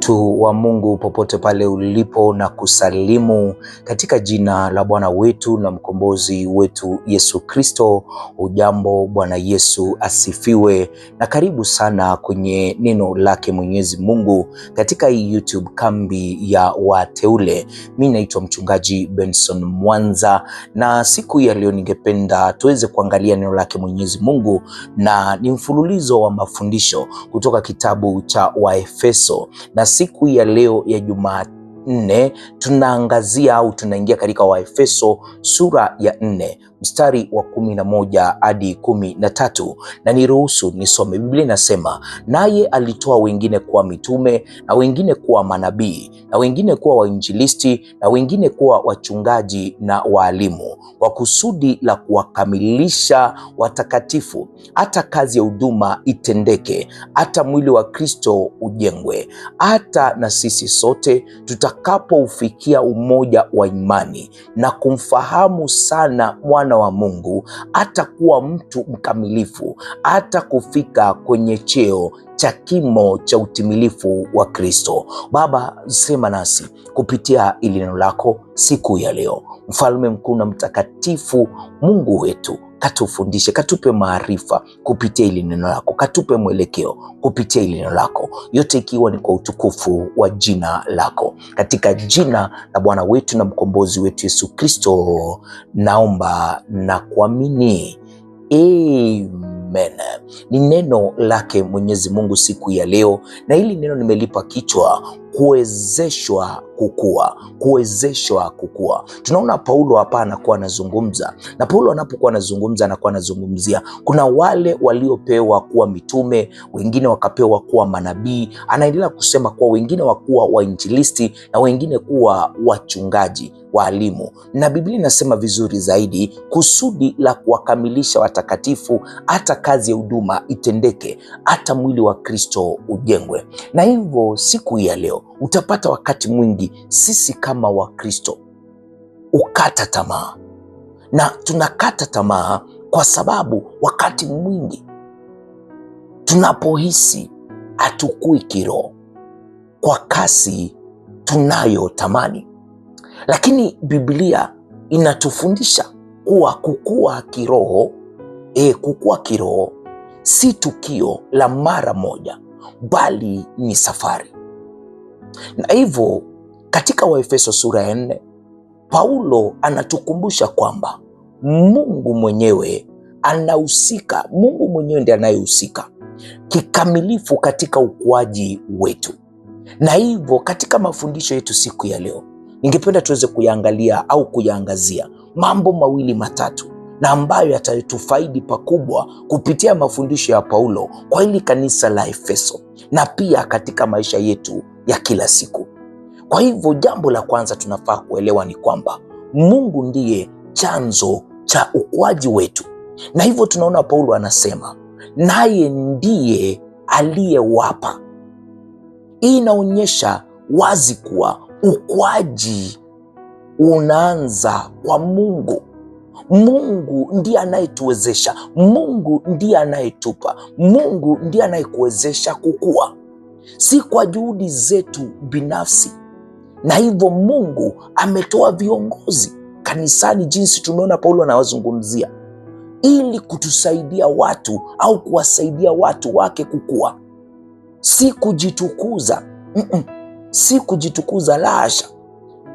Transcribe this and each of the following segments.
Mtu wa Mungu popote pale ulipo na kusalimu katika jina la Bwana wetu na mkombozi wetu Yesu Kristo. Ujambo, Bwana Yesu asifiwe, na karibu sana kwenye neno lake Mwenyezi Mungu katika hii YouTube kambi ya wateule. Mi naitwa mchungaji Benson Mwanza, na siku ya leo ningependa tuweze kuangalia neno lake Mwenyezi Mungu, na ni mfululizo wa mafundisho kutoka kitabu cha Waefeso na siku ya leo ya Jumanne tunaangazia au tunaingia katika Waefeso sura ya nne mstari wa kumi na moja hadi kumi na tatu na niruhusu nisome. Biblia inasema, naye alitoa wengine kuwa mitume na wengine kuwa manabii na wengine kuwa wainjilisti na wengine kuwa wachungaji na waalimu, kwa kusudi la kuwakamilisha watakatifu, hata kazi ya huduma itendeke, hata mwili wa Kristo ujengwe, hata na sisi sote tutakapoufikia umoja wa imani na kumfahamu sana mwana mwana wa Mungu atakuwa mtu mkamilifu, hata kufika kwenye cheo cha kimo cha utimilifu wa Kristo. Baba, sema nasi kupitia ili neno lako siku ya leo, mfalme mkuu na mtakatifu, Mungu wetu katufundishe, katupe maarifa kupitia hili neno lako, katupe mwelekeo kupitia hili neno lako, yote ikiwa ni kwa utukufu wa jina lako, katika jina la Bwana wetu na mkombozi wetu Yesu Kristo, naomba na kuamini. Amen. Ni neno lake Mwenyezi Mungu siku ya leo, na hili neno nimelipa kichwa kuwezeshwa kukua, kuwezeshwa kukua. Tunaona Paulo hapa anakuwa anazungumza, na Paulo anapokuwa anazungumza anakuwa anazungumzia kuna wale waliopewa kuwa mitume, wengine wakapewa kuwa manabii. Anaendelea kusema kuwa wengine wakuwa wainjilisti na wengine kuwa wachungaji waalimu na Biblia inasema vizuri zaidi, kusudi la kuwakamilisha watakatifu, hata kazi ya huduma itendeke, hata mwili wa Kristo ujengwe. Na hivyo siku hii ya leo utapata wakati mwingi sisi kama Wakristo ukata tamaa, na tunakata tamaa kwa sababu wakati mwingi tunapohisi hatukui kiroho kwa kasi tunayotamani, lakini Biblia inatufundisha kuwa kukua kiroho e, kukua kiroho si tukio la mara moja, bali ni safari. Na hivyo katika Waefeso sura ya nne Paulo anatukumbusha kwamba Mungu mwenyewe anahusika, Mungu mwenyewe ndiye anayehusika kikamilifu katika ukuaji wetu. Na hivyo katika mafundisho yetu siku ya leo, ningependa tuweze kuyaangalia au kuyaangazia mambo mawili matatu na ambayo yatatufaidi pakubwa kupitia mafundisho ya Paulo kwa hili kanisa la Efeso na pia katika maisha yetu ya kila siku. Kwa hivyo, jambo la kwanza tunafaa kuelewa ni kwamba Mungu ndiye chanzo cha ukuaji wetu, na hivyo tunaona Paulo anasema naye ndiye aliyewapa. Hii inaonyesha wazi kuwa ukuaji unaanza kwa Mungu. Mungu ndiye anayetuwezesha, Mungu ndiye anayetupa, Mungu ndiye anayekuwezesha kukua si kwa juhudi zetu binafsi. Na hivyo Mungu ametoa viongozi kanisani, jinsi tumeona Paulo anawazungumzia, ili kutusaidia watu au kuwasaidia watu wake kukua, si kujitukuza mm -mm. si kujitukuza, la hasha,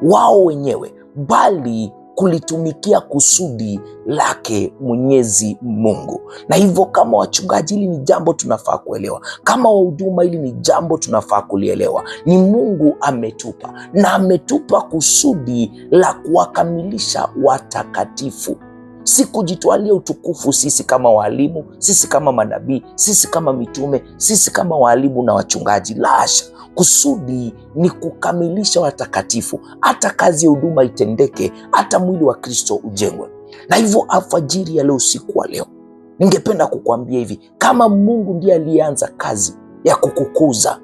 wao wenyewe, bali kulitumikia kusudi lake Mwenyezi Mungu. Na hivyo kama wachungaji, hili ni jambo tunafaa kuelewa. Kama wahuduma, hili ni jambo tunafaa kulielewa. Ni Mungu ametupa na ametupa kusudi la kuwakamilisha watakatifu si kujitwalia utukufu sisi kama waalimu, sisi kama manabii, sisi kama mitume, sisi kama waalimu na wachungaji. Lasha, kusudi ni kukamilisha watakatifu, hata kazi ya huduma itendeke, hata mwili wa Kristo ujengwe. Na hivyo alfajiri ya leo, usiku wa leo, ningependa kukuambia hivi, kama Mungu ndiye aliyeanza kazi ya kukukuza,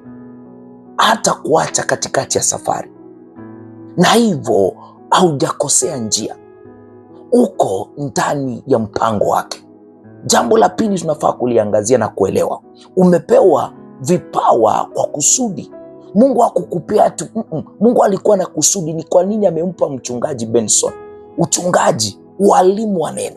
hata kuacha katikati ya safari, na hivyo haujakosea njia uko ndani ya mpango wake. Jambo la pili tunafaa kuliangazia na kuelewa, umepewa vipawa kwa kusudi. Mungu hakukupea tu mm -mm. Mungu alikuwa na kusudi. Ni kwa nini amempa mchungaji Benson uchungaji, walimu wa neno?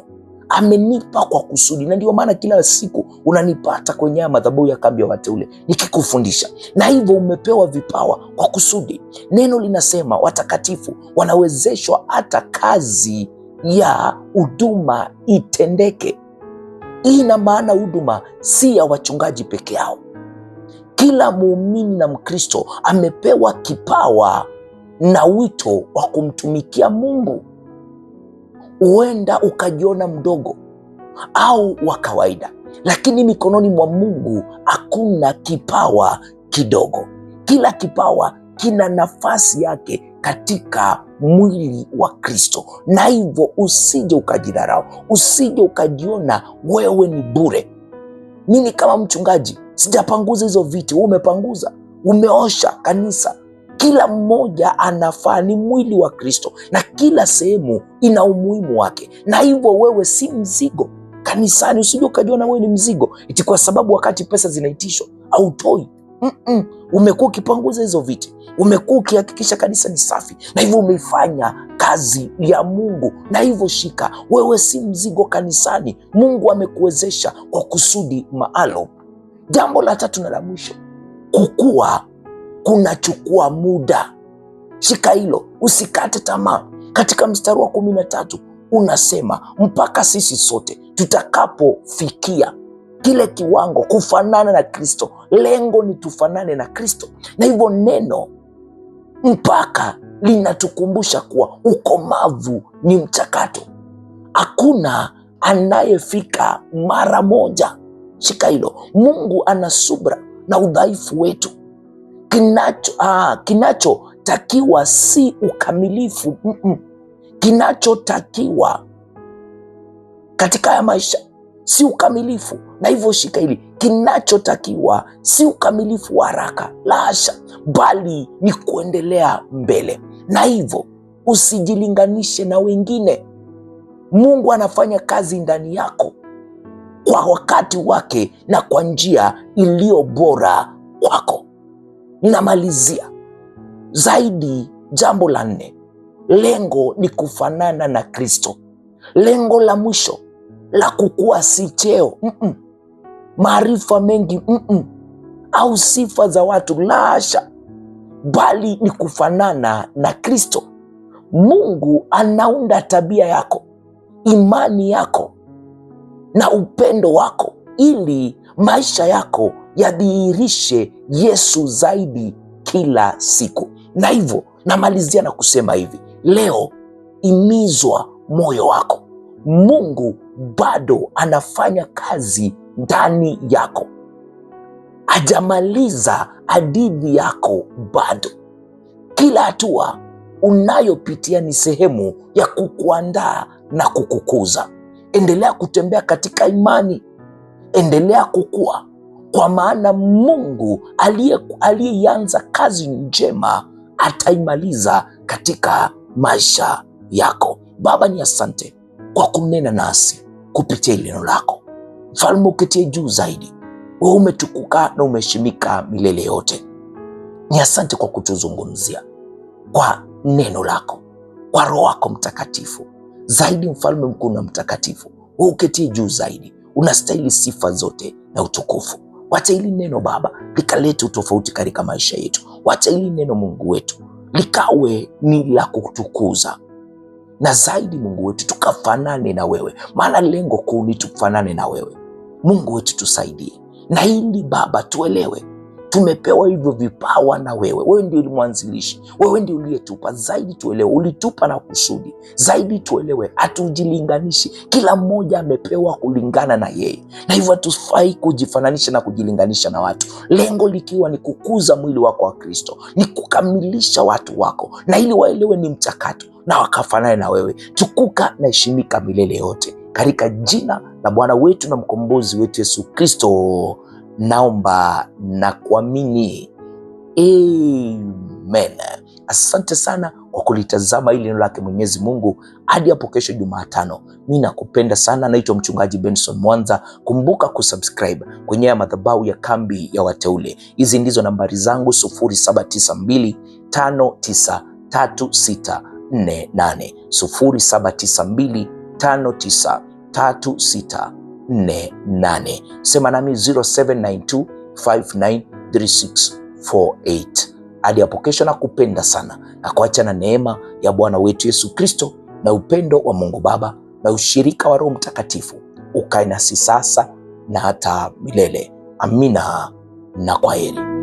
Amenipa kwa kusudi, na ndio maana kila siku unanipata kwenye haya madhabahu ya kambi ya wateule nikikufundisha, na hivyo umepewa vipawa kwa kusudi. Neno linasema watakatifu wanawezeshwa hata kazi ya huduma itendeke. Hii ina maana huduma si ya wachungaji peke yao. Kila muumini na Mkristo amepewa kipawa na wito wa kumtumikia Mungu. Huenda ukajiona mdogo au wa kawaida, lakini mikononi mwa Mungu hakuna kipawa kidogo. Kila kipawa kina nafasi yake katika mwili wa Kristo, na hivyo usije ukajidharau, usije ukajiona wewe ni bure. Mimi kama mchungaji sijapanguza hizo viti, umepanguza, umeosha kanisa. Kila mmoja anafaa, ni mwili wa Kristo na kila sehemu ina umuhimu wake, na hivyo wewe si mzigo kanisani. Usije ukajiona wewe ni mzigo iti kwa sababu wakati pesa zinaitishwa autoi mm -mm. Umekuwa ukipanguza hizo viti, umekuwa ukihakikisha kanisa ni safi, na hivyo umeifanya kazi ya Mungu. Na hivyo shika, wewe si mzigo kanisani. Mungu amekuwezesha kwa kusudi maalum. Jambo la tatu na la mwisho, kukua kunachukua muda. Shika hilo, usikate tamaa. Katika mstari wa kumi na tatu unasema mpaka sisi sote tutakapofikia kile kiwango, kufanana na Kristo. Lengo ni tufanane na Kristo, na hivyo neno mpaka linatukumbusha kuwa ukomavu ni mchakato. Hakuna anayefika mara moja. Shika hilo. Mungu ana subra na udhaifu wetu. Kinacho ah, kinachotakiwa si ukamilifu mm -mm. Kinachotakiwa katika haya maisha si ukamilifu, na hivyo shika hili, kinachotakiwa si ukamilifu wa haraka, la hasha, bali ni kuendelea mbele. Na hivyo usijilinganishe na wengine. Mungu anafanya kazi ndani yako kwa wakati wake na kwa njia iliyo bora kwako. Ninamalizia zaidi jambo la nne, lengo ni kufanana na Kristo. Lengo la mwisho la kukua si cheo mm -mm. maarifa mengi mm -mm. au sifa za watu, la bali ni kufanana na Kristo. Mungu anaunda tabia yako, imani yako na upendo wako, ili maisha yako yadhihirishe Yesu zaidi kila siku. Na hivyo namalizia na kusema hivi leo, imizwa moyo wako Mungu bado anafanya kazi ndani yako, hajamaliza hadithi yako bado. Kila hatua unayopitia ni sehemu ya kukuandaa na kukukuza. Endelea kutembea katika imani, endelea kukua, kwa maana Mungu aliyeanza kazi njema ataimaliza katika maisha yako. Baba, ni asante kwa kumnena nasi kupitia neno lako. Mfalme, uketie juu zaidi, we umetukuka na umeheshimika milele yote. Ni asante kwa kutuzungumzia kwa neno lako, kwa Roho wako Mtakatifu zaidi. Mfalme mkuu na mtakatifu, we uketie juu zaidi, unastahili sifa zote na utukufu. Wacha hili neno Baba likalete utofauti katika maisha yetu. Wacha hili neno Mungu wetu likawe ni la kutukuza na zaidi Mungu wetu tukafanane na wewe, maana lengo kuu ni tufanane na wewe. Mungu wetu tusaidie na hili Baba, tuelewe Tumepewa hivyo vipawa na wewe. Wewe ndio ulimwanzilishi, wewe ndio uliyetupa. Zaidi tuelewe, ulitupa na kusudi. Zaidi tuelewe, hatujilinganishi. Kila mmoja amepewa kulingana na yeye, na hivyo hatufai kujifananisha na kujilinganisha na watu, lengo likiwa ni kukuza mwili wako wa Kristo, ni kukamilisha watu wako, na ili waelewe ni mchakato na wakafanane na wewe. Tukuka na heshimika milele yote katika jina la Bwana wetu na mkombozi wetu Yesu Kristo naomba na kuamini amen. Asante sana kwa kulitazama hili neno lake Mwenyezi Mungu hadi hapo kesho Jumatano. Mi nakupenda sana. Naitwa Mchungaji Benson Mwanza. Kumbuka kusubscribe kwenye ya madhabahu ya Kambi ya Wateule. Hizi ndizo nambari zangu 0792593648, 07925936 48. Sema nami 0792593648. Hadi hapo kesho, na kupenda sana na kuacha na neema ya Bwana wetu Yesu Kristo na upendo wa Mungu Baba na ushirika wa Roho Mtakatifu ukae nasi sasa na hata milele. Amina na kwaheri.